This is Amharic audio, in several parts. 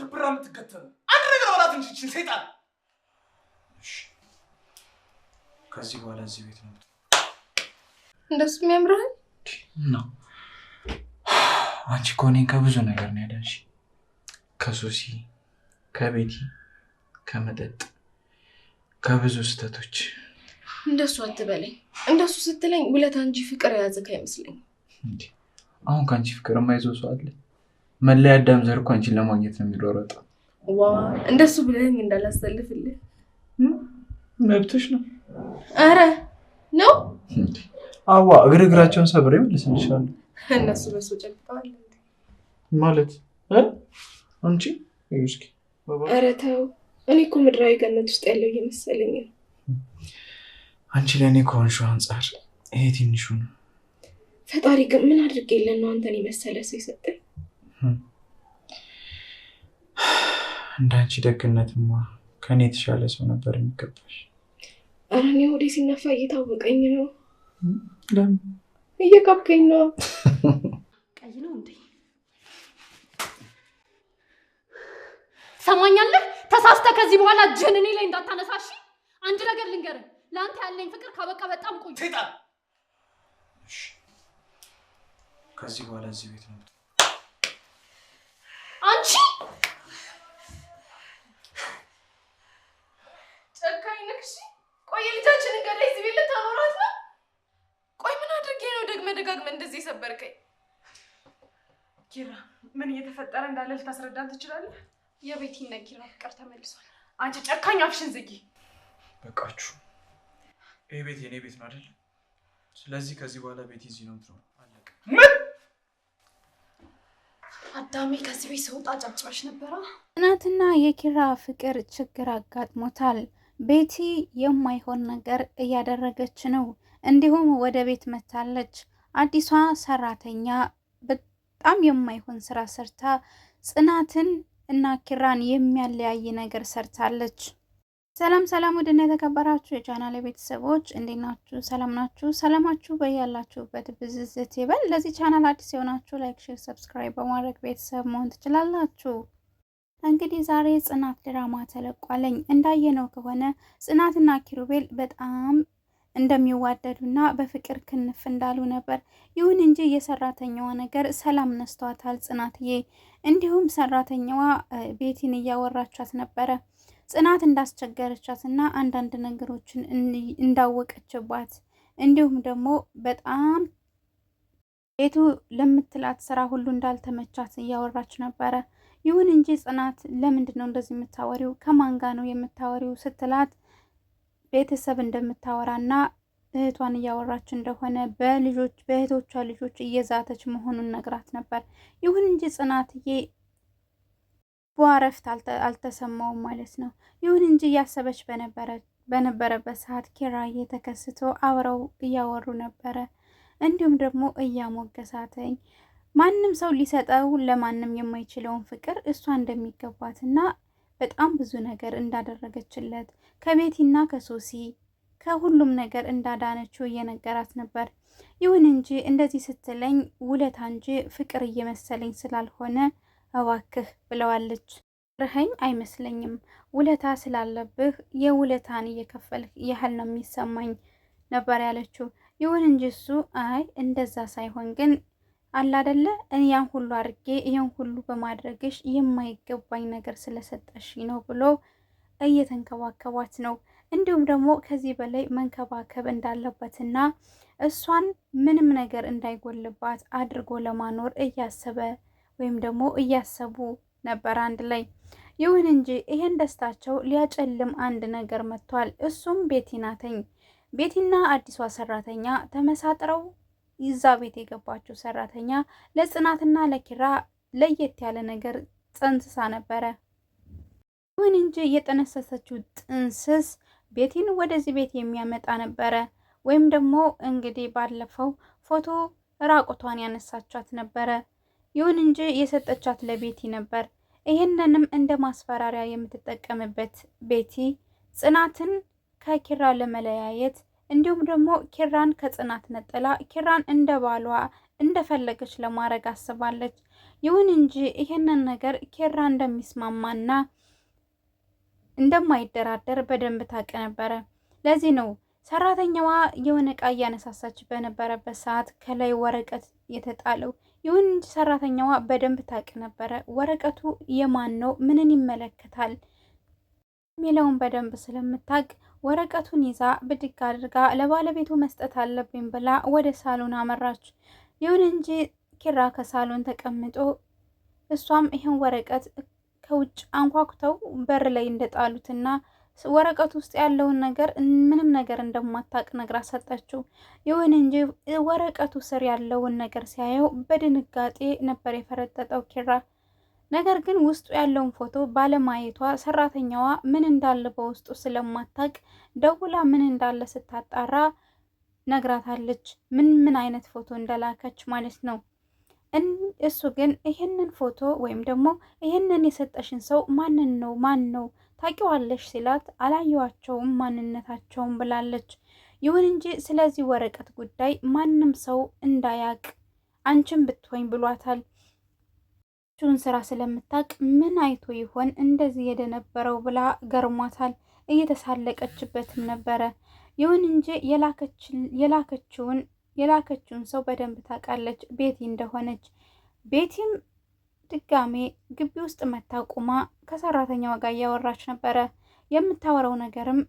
ልጅ ብራ የምትገተሉ አንድ ነገር በላት እንጂ ይችል ሰይጣን። እሺ ከዚህ በኋላ እዚህ ቤት ነው እንደሱ የሚያምርህን ነው። አንቺ እኮ እኔን ከብዙ ነገር ነው ያዳንሽ፣ ከሶሲ ከቤቲ፣ ከመጠጥ፣ ከብዙ ስህተቶች። እንደሱ አትበለኝ። እንደሱ ስትለኝ ውለታ እንጂ ፍቅር የያዘ አይመስለኝም። አሁን ከአንቺ ፍቅር የማይዞ ሰው አለ? መለያ አዳም ዘር እኮ አንቺን ለማግኘት ነው የሚሮረጠው። እንደሱ ብለኝ እንዳላሰልፍልህ መብትሽ ነው። አረ ነው አዋ እግር እግራቸውን ሰብሬ እመልስልሻለሁ። እነሱ በሱ ጨብጠዋል ማለት አንቺ እስኪ አረ ተው። እኔ እኮ ምድራዊ ገነት ውስጥ ያለው እየመሰለኝ ነው። አንቺ ለእኔ ከሆንሹ አንጻር ይሄ ትንሹ ነው። ፈጣሪ ግን ምን አድርጌ የለን ነው አንተን የመሰለ ሰው የሰጠኝ እንዳንቺ ደግነት ደግነትማ ከኔ የተሻለ ሰው ነበር የሚገባሽ። ኧረ እኔ ሆዴ ሲነፋ እየታወቀኝ ነው። ለምን እየቀብከኝ ነው? ቀይ ነው እንዴ? ሰማኛለህ? ተሳስተ ከዚህ በኋላ እጅህን እኔ ላይ እንዳታነሳሽ። አንድ ነገር ልንገርህ፣ ለአንተ ያለኝ ፍቅር ካበቃ በጣም ቆይ። ከዚህ በኋላ እዚህ ቤት ነው አንቺ ጨካኝ ነሽ። ቆይ ልጃችንን ገዳይ እዚህ ቤት ልታኖራት ነው? ቆይ ምን አድርጌ ነው ደግመ ደጋግመ እንደዚህ የሰበርከኝ? ኪራ ምን እየተፈጠረ እንዳለ ልታስረዳን ትችላለህ? የቤቲና ኪራ ፍቅር ተመልሷል። አንቺ ጨካኝ አፍሽን ዝጊ። በቃችሁ። ይህ ቤት የኔ ቤት ነው አይደል? ስለዚህ ከዚህ በኋላ ቤቲ እዚህ ነው ምትኖር። አለቀ። አዳሜ ከዚህ ቤት ስወጣ ጨብጨበሽ ነበረ። ጽናትና የኪራ ፍቅር ችግር አጋጥሞታል። ቤቲ የማይሆን ነገር እያደረገች ነው። እንዲሁም ወደ ቤት መታለች። አዲሷ ሰራተኛ በጣም የማይሆን ስራ ሰርታ ጽናትን እና ኪራን የሚያለያይ ነገር ሰርታለች። ሰላም ሰላም፣ ውድና የተከበራችሁ የቻናል ቤተሰቦች እንዴት ናችሁ? ሰላም ናችሁ? ሰላማችሁ በያላችሁበት ብዝዝት ይበል። ለዚህ ቻናል አዲስ የሆናችሁ ላይክ፣ ሼር፣ ሰብስክራይብ በማድረግ ቤተሰብ መሆን ትችላላችሁ። እንግዲህ ዛሬ ጽናት ድራማ ተለቋለኝ። እንዳየነው ከሆነ ጽናትና ኪሩቤል በጣም እንደሚዋደዱና በፍቅር ክንፍ እንዳሉ ነበር። ይሁን እንጂ የሰራተኛዋ ነገር ሰላም ነስቷታል ጽናትዬ። እንዲሁም ሰራተኛዋ ቤቲን እያወራቻት ነበረ ጽናት እንዳስቸገረቻት አንዳንድ ነገሮችን እንዳወቀችባት እንዲሁም ደግሞ በጣም ቤቱ ለምትላት ስራ ሁሉ እንዳልተመቻት እያወራች ነበረ። ይሁን እንጂ ጽናት ለምንድን ነው እንደዚህ የምታወሪው? ከማን ነው የምታወሪው? ስትላት ቤተሰብ እንደምታወራና እህቷን እያወራች እንደሆነ በልጆች በእህቶቿ ልጆች እየዛተች መሆኑን ነግራት ነበር። ይሁን እንጂ ጽናትዬ በአረፍት አልተሰማውም ማለት ነው። ይሁን እንጂ እያሰበች በነበረበት ሰዓት ኪራዬ ተከስቶ አብረው እያወሩ ነበረ። እንዲሁም ደግሞ እያሞገሳተኝ ማንም ሰው ሊሰጠው ለማንም የማይችለውን ፍቅር እሷ እንደሚገባትና በጣም ብዙ ነገር እንዳደረገችለት ከቤቲና ከሶሲ ከሁሉም ነገር እንዳዳነችው እየነገራት ነበር። ይሁን እንጂ እንደዚህ ስትለኝ ውለታ እንጂ ፍቅር እየመሰለኝ ስላልሆነ እባክህ ብለዋለች። ርኸኝ አይመስለኝም። ውለታ ስላለብህ የውለታን እየከፈልህ ያህል ነው የሚሰማኝ ነበር ያለችው። ይሁን እንጂ እሱ አይ እንደዛ ሳይሆን ግን አላደለ ያን ሁሉ አድርጌ ይህን ሁሉ በማድረግሽ የማይገባኝ ነገር ስለሰጠሽ ነው ብሎ እየተንከባከቧት ነው። እንዲሁም ደግሞ ከዚህ በላይ መንከባከብ እንዳለበትና እሷን ምንም ነገር እንዳይጎልባት አድርጎ ለማኖር እያሰበ ወይም ደግሞ እያሰቡ ነበር አንድ ላይ። ይሁን እንጂ ይሄን ደስታቸው ሊያጨልም አንድ ነገር መጥቷል። እሱም ቤቲ ናተኝ። ቤቲና አዲሷ ሰራተኛ ተመሳጥረው ይዛ ቤት የገባችው ሰራተኛ ለጽናትና ለኪራ ለየት ያለ ነገር ጽንስሳ ነበረ። ይሁን እንጂ የጠነሰሰችው ጥንስስ ቤቲን ወደዚህ ቤት የሚያመጣ ነበረ። ወይም ደግሞ እንግዲህ ባለፈው ፎቶ ራቁቷን ያነሳቻት ነበረ። ይሁን እንጂ የሰጠቻት ለቤቲ ነበር። ይህንንም እንደ ማስፈራሪያ የምትጠቀምበት ቤቲ ጽናትን ከኪራ ለመለያየት እንዲሁም ደግሞ ኪራን ከጽናት ነጥላ ኪራን እንደ ባሏ እንደፈለገች ለማድረግ አስባለች። ይሁን እንጂ ይህንን ነገር ኪራ እንደሚስማማና እንደማይደራደር በደንብ ታውቅ ነበረ። ለዚህ ነው ሰራተኛዋ የሆነ ቃ እያነሳሳች በነበረበት ሰዓት ከላይ ወረቀት የተጣለው ይሁን እንጂ ሰራተኛዋ በደንብ ታውቅ ነበረ። ወረቀቱ የማን ነው? ምንን ይመለከታል? የሚለውን በደንብ ስለምታውቅ ወረቀቱን ይዛ ብድግ አድርጋ ለባለቤቱ መስጠት አለብኝ ብላ ወደ ሳሎን አመራች። ይሁን እንጂ ኪራ ከሳሎን ተቀምጦ እሷም ይህን ወረቀት ከውጭ አንኳኩተው በር ላይ እንደጣሉትና ወረቀት ውስጥ ያለውን ነገር ምንም ነገር እንደማታቅ ነግራ ሰጠችው። ይሁን እንጂ ወረቀቱ ስር ያለውን ነገር ሲያየው በድንጋጤ ነበር የፈረጠጠው ኪራ። ነገር ግን ውስጡ ያለውን ፎቶ ባለማየቷ ሰራተኛዋ ምን እንዳለ በውስጡ ስለማታቅ ደውላ ምን እንዳለ ስታጣራ ነግራታለች። ምን ምን አይነት ፎቶ እንደላከች ማለት ነው። እሱ ግን ይህንን ፎቶ ወይም ደግሞ ይህንን የሰጠሽን ሰው ማንን ነው ማን ነው ታቂዋለሽ ሲላት አላየዋቸውም ማንነታቸውም ብላለች። ይሁን እንጂ ስለዚህ ወረቀት ጉዳይ ማንም ሰው እንዳያቅ አንቺም ብትሆኝ ብሏታል። ቹን ስራ ስለምታቅ ምን አይቶ ይሆን እንደዚህ የደነበረው ብላ ገርሟታል። እየተሳለቀችበትም ነበረ። ይሁን እንጂ የላከችውን የላከችውን ሰው በደንብ ታውቃለች ቤቲ እንደሆነች ቤቲም ድጋሜ ግቢ ውስጥ መታ ቁማ ከሰራተኛዋ ጋር እያወራች ነበረ። የምታወራው ነገርም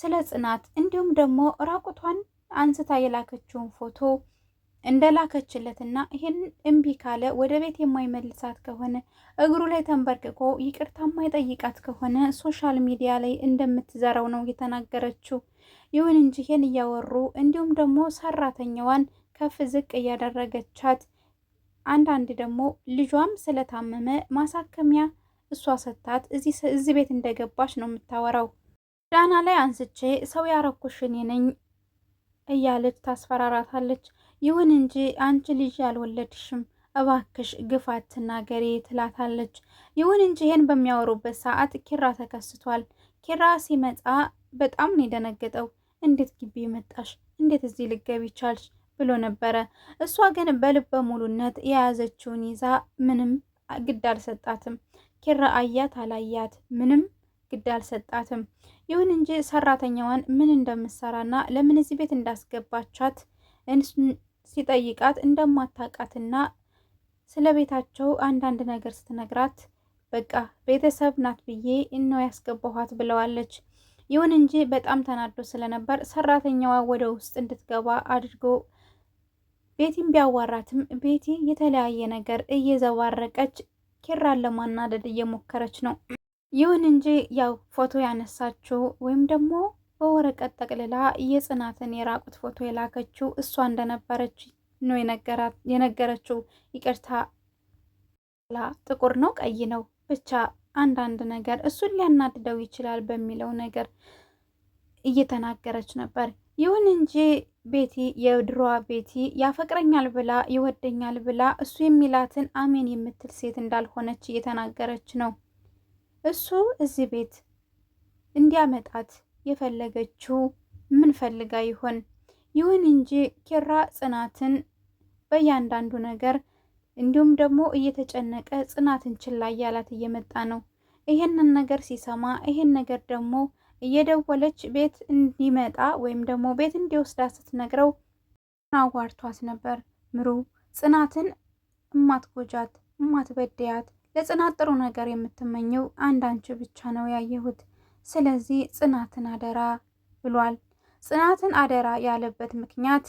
ስለ ጽናት እንዲሁም ደግሞ ራቁቷን አንስታ የላከችውን ፎቶ እንደላከችለትና ይህን እምቢ ካለ ወደ ቤት የማይመልሳት ከሆነ እግሩ ላይ ተንበርክኮ ይቅርታ የማይጠይቃት ከሆነ ሶሻል ሚዲያ ላይ እንደምትዘራው ነው የተናገረችው። ይሁን እንጂ ይህን እያወሩ እንዲሁም ደግሞ ሰራተኛዋን ከፍ ዝቅ እያደረገቻት አንዳንድ ደግሞ ልጇም ስለታመመ ማሳከሚያ እሷ ሰታት እዚህ ቤት እንደገባች ነው የምታወራው። ዳና ላይ አንስቼ ሰው ያረኩሽ ነኝ እያለች ታስፈራራታለች። ይሁን እንጂ አንቺ ልጅ ያልወለድሽም እባክሽ ግፋት ትናገሪ ትላታለች። ይሁን እንጂ ይሄን በሚያወሩበት ሰዓት ኪራ ተከስቷል። ኪራ ሲመጣ በጣም ነው የደነገጠው። እንዴት ግቢ መጣሽ? እንዴት እዚህ ልገቢ ቻልሽ? ብሎ ነበረ። እሷ ግን በልበ ሙሉነት የያዘችውን ይዛ ምንም ግድ አልሰጣትም። ኪራ አያት አላያት ምንም ግድ አልሰጣትም። ይሁን እንጂ ሰራተኛዋን ምን እንደምትሰራና ለምን እዚህ ቤት እንዳስገባቻት ሲጠይቃት እንደማታውቃትና ስለ ቤታቸው አንዳንድ ነገር ስትነግራት በቃ ቤተሰብ ናት ብዬ እነው ያስገባኋት ብለዋለች። ይሁን እንጂ በጣም ተናዶ ስለነበር ሰራተኛዋ ወደ ውስጥ እንድትገባ አድርጎ ቤቲም ቢያዋራትም ቤቲ የተለያየ ነገር እየዘባረቀች ኪራን ለማናደድ እየሞከረች ነው። ይሁን እንጂ ያው ፎቶ ያነሳችው ወይም ደግሞ በወረቀት ጠቅልላ የጽናትን የራቁት ፎቶ የላከችው እሷ እንደነበረች ነው የነገረችው። ይቅርታ ጥቁር ነው ቀይ ነው ብቻ አንዳንድ ነገር እሱን ሊያናድደው ይችላል በሚለው ነገር እየተናገረች ነበር። ይሁን እንጂ ቤቲ የድሮዋ ቤቲ ያፈቅረኛል ብላ ይወደኛል ብላ እሱ የሚላትን አሜን የምትል ሴት እንዳልሆነች እየተናገረች ነው። እሱ እዚህ ቤት እንዲያመጣት የፈለገችው ምን ፈልጋ ይሆን? ይሁን እንጂ ኪራ ጽናትን በእያንዳንዱ ነገር እንዲሁም ደግሞ እየተጨነቀ ጽናትን ችላ እያላት እየመጣ ነው። ይሄንን ነገር ሲሰማ ይሄን ነገር ደግሞ እየደወለች ቤት እንዲመጣ ወይም ደግሞ ቤት እንዲወስዳ ስትነግረው አዋርቷት ነበር። ምሩ ጽናትን እማትጎጃት እማትበድያት ለጽናት ጥሩ ነገር የምትመኘው አንድ አንቺ ብቻ ነው ያየሁት። ስለዚህ ጽናትን አደራ ብሏል። ጽናትን አደራ ያለበት ምክንያት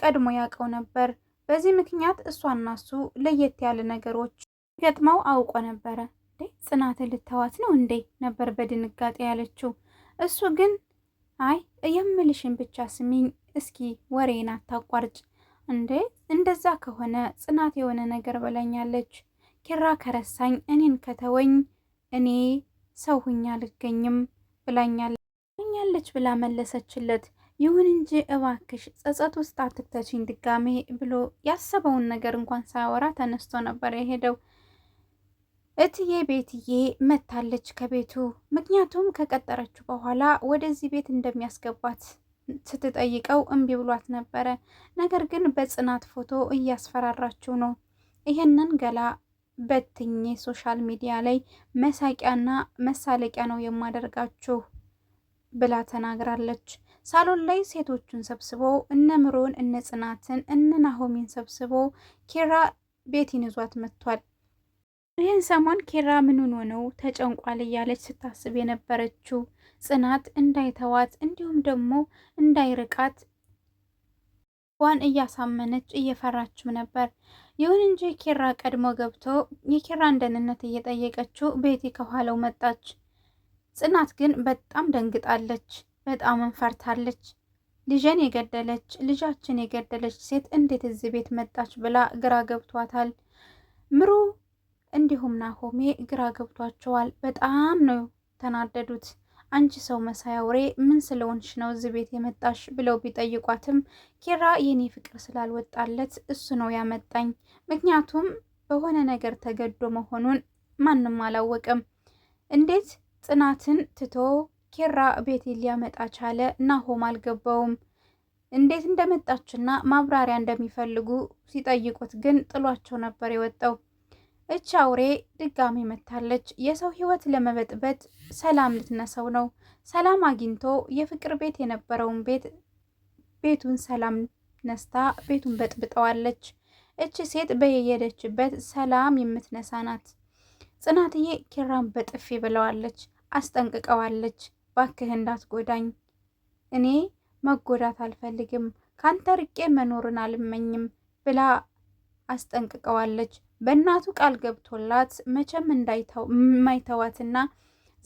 ቀድሞ ያውቀው ነበር። በዚህ ምክንያት እሷና እሱ ለየት ያለ ነገሮች ገጥመው አውቆ ነበረ። ጽናትን ልተዋት ነው እንዴ ነበር በድንጋጤ ያለችው። እሱ ግን አይ የምልሽን ብቻ ስሚኝ እስኪ ወሬን አታቋርጭ እንዴ! እንደዛ ከሆነ ጽናት የሆነ ነገር ብላኛለች ኪራ ከረሳኝ እኔን ከተወኝ እኔ ሰው ሁኛ አልገኝም ብላኛለች ብላ መለሰችለት። ይሁን እንጂ እባክሽ ጸጸት ውስጥ አትክተችኝ ድጋሜ ብሎ ያሰበውን ነገር እንኳን ሳያወራ ተነስቶ ነበር የሄደው። እትዬ ቤትዬ መታለች ከቤቱ። ምክንያቱም ከቀጠረችው በኋላ ወደዚህ ቤት እንደሚያስገባት ስትጠይቀው እምቢ ብሏት ነበረ። ነገር ግን በጽናት ፎቶ እያስፈራራችው ነው። ይህንን ገላ በትኜ ሶሻል ሚዲያ ላይ መሳቂያና መሳለቂያ ነው የማደርጋችሁ ብላ ተናግራለች። ሳሎን ላይ ሴቶቹን ሰብስቦ እነ ምሮን፣ እነ ጽናትን፣ እነ ናሆሚን ሰብስቦ ኪራ ቤቲን ይዟት መጥቷል። ይህን ሰሞን ኪራ ምን ሆኖ ነው ተጨንቋል እያለች ስታስብ የነበረችው ጽናት እንዳይተዋት እንዲሁም ደግሞ እንዳይርቃት ዋን እያሳመነች እየፈራችው ነበር። ይሁን እንጂ ኪራ ቀድሞ ገብቶ የኪራን ደህንነት እየጠየቀችው ቤቲ ከኋላው መጣች። ጽናት ግን በጣም ደንግጣለች፣ በጣም እንፈርታለች። ልጄን የገደለች ልጃችን የገደለች ሴት እንዴት እዚህ ቤት መጣች ብላ ግራ ገብቷታል ምሩ እንዲሁም ናሆሜ ግራ ገብቷቸዋል። በጣም ነው ተናደዱት። አንቺ ሰው መሳይ አውሬ ምን ስለሆንሽ ነው እዚህ ቤት የመጣሽ ብለው ቢጠይቋትም ኪራ የኔ ፍቅር ስላልወጣለት እሱ ነው ያመጣኝ። ምክንያቱም በሆነ ነገር ተገዶ መሆኑን ማንም አላወቅም። እንዴት ጽናትን ትቶ ኪራ ቤቴ ሊያመጣ ቻለ? ናሆም አልገባውም። እንዴት እንደመጣችና ማብራሪያ እንደሚፈልጉ ሲጠይቁት ግን ጥሏቸው ነበር የወጣው። እች አውሬ ድጋሚ መታለች። የሰው ህይወት ለመበጥበጥ ሰላም ልትነሳው ነው። ሰላም አግኝቶ የፍቅር ቤት የነበረውን ቤት ቤቱን ሰላም ነስታ ቤቱን በጥብጠዋለች። እች ሴት በየሄደችበት ሰላም የምትነሳ ናት። ጽናትዬ ኪራን በጥፊ ብለዋለች፣ አስጠንቅቀዋለች። ባክህ እንዳትጎዳኝ፣ እኔ መጎዳት አልፈልግም፣ ካንተ ርቄ መኖርን አልመኝም ብላ አስጠንቅቀዋለች። በእናቱ ቃል ገብቶላት መቼም የማይተዋትና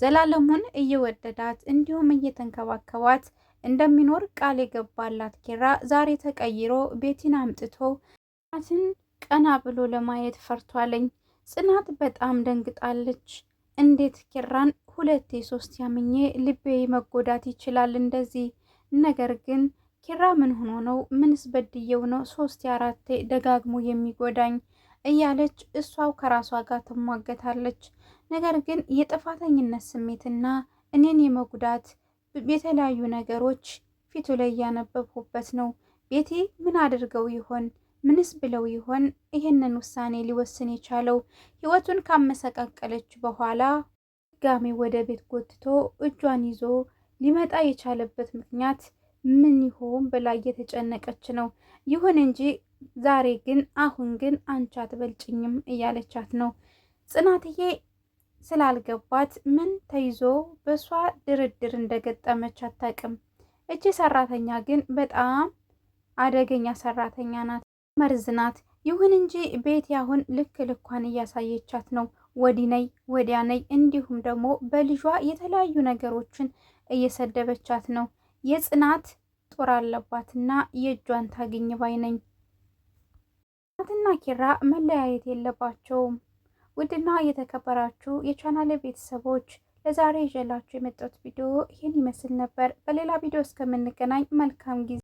ዘላለሙን እየወደዳት እንዲሁም እየተንከባከባት እንደሚኖር ቃል የገባላት ኪራ ዛሬ ተቀይሮ ቤቲን አምጥቶ ጽናትን ቀና ብሎ ለማየት ፈርቷለኝ። ጽናት በጣም ደንግጣለች። እንዴት ኪራን ሁለቴ ሶስት ያምኜ ልቤ መጎዳት ይችላል እንደዚህ ነገር ግን ኪራ ምን ሆኖ ነው? ምንስ በድየው ነው ሶስት አራቴ ደጋግሞ የሚጎዳኝ? እያለች እሷው ከራሷ ጋር ትሟገታለች። ነገር ግን የጥፋተኝነት ስሜትና እኔን የመጉዳት የተለያዩ ነገሮች ፊቱ ላይ እያነበብኩበት ነው። ቤቲ ምን አድርገው ይሆን? ምንስ ብለው ይሆን ይህንን ውሳኔ ሊወስን የቻለው? ህይወቱን ካመሰቃቀለች በኋላ ድጋሜ ወደ ቤት ጎትቶ እጇን ይዞ ሊመጣ የቻለበት ምክንያት ምን ይሆን ብላ እየተጨነቀች ነው። ይሁን እንጂ ዛሬ ግን አሁን ግን አንቺ አትበልጭኝም እያለቻት ነው። ጽናትዬ ስላልገባት ምን ተይዞ በሷ ድርድር እንደገጠመች አታውቅም። እቺ ሰራተኛ ግን በጣም አደገኛ ሰራተኛ ናት፣ መርዝ ናት። ይሁን እንጂ ቤት አሁን ልክ ልኳን እያሳየቻት ነው። ወዲነይ ወዲያነይ፣ እንዲሁም ደግሞ በልጇ የተለያዩ ነገሮችን እየሰደበቻት ነው። የጽናት ጦር አለባትና የእጇን ታግኝ ባይ ነኝ። ጽናትና ኪራ መለያየት የለባቸውም። ውድና የተከበራችሁ የቻናል ቤተሰቦች ለዛሬ ይዤላችሁ የመጣሁት ቪዲዮ ይህን ይመስል ነበር። በሌላ ቪዲዮ እስከምንገናኝ መልካም ጊዜ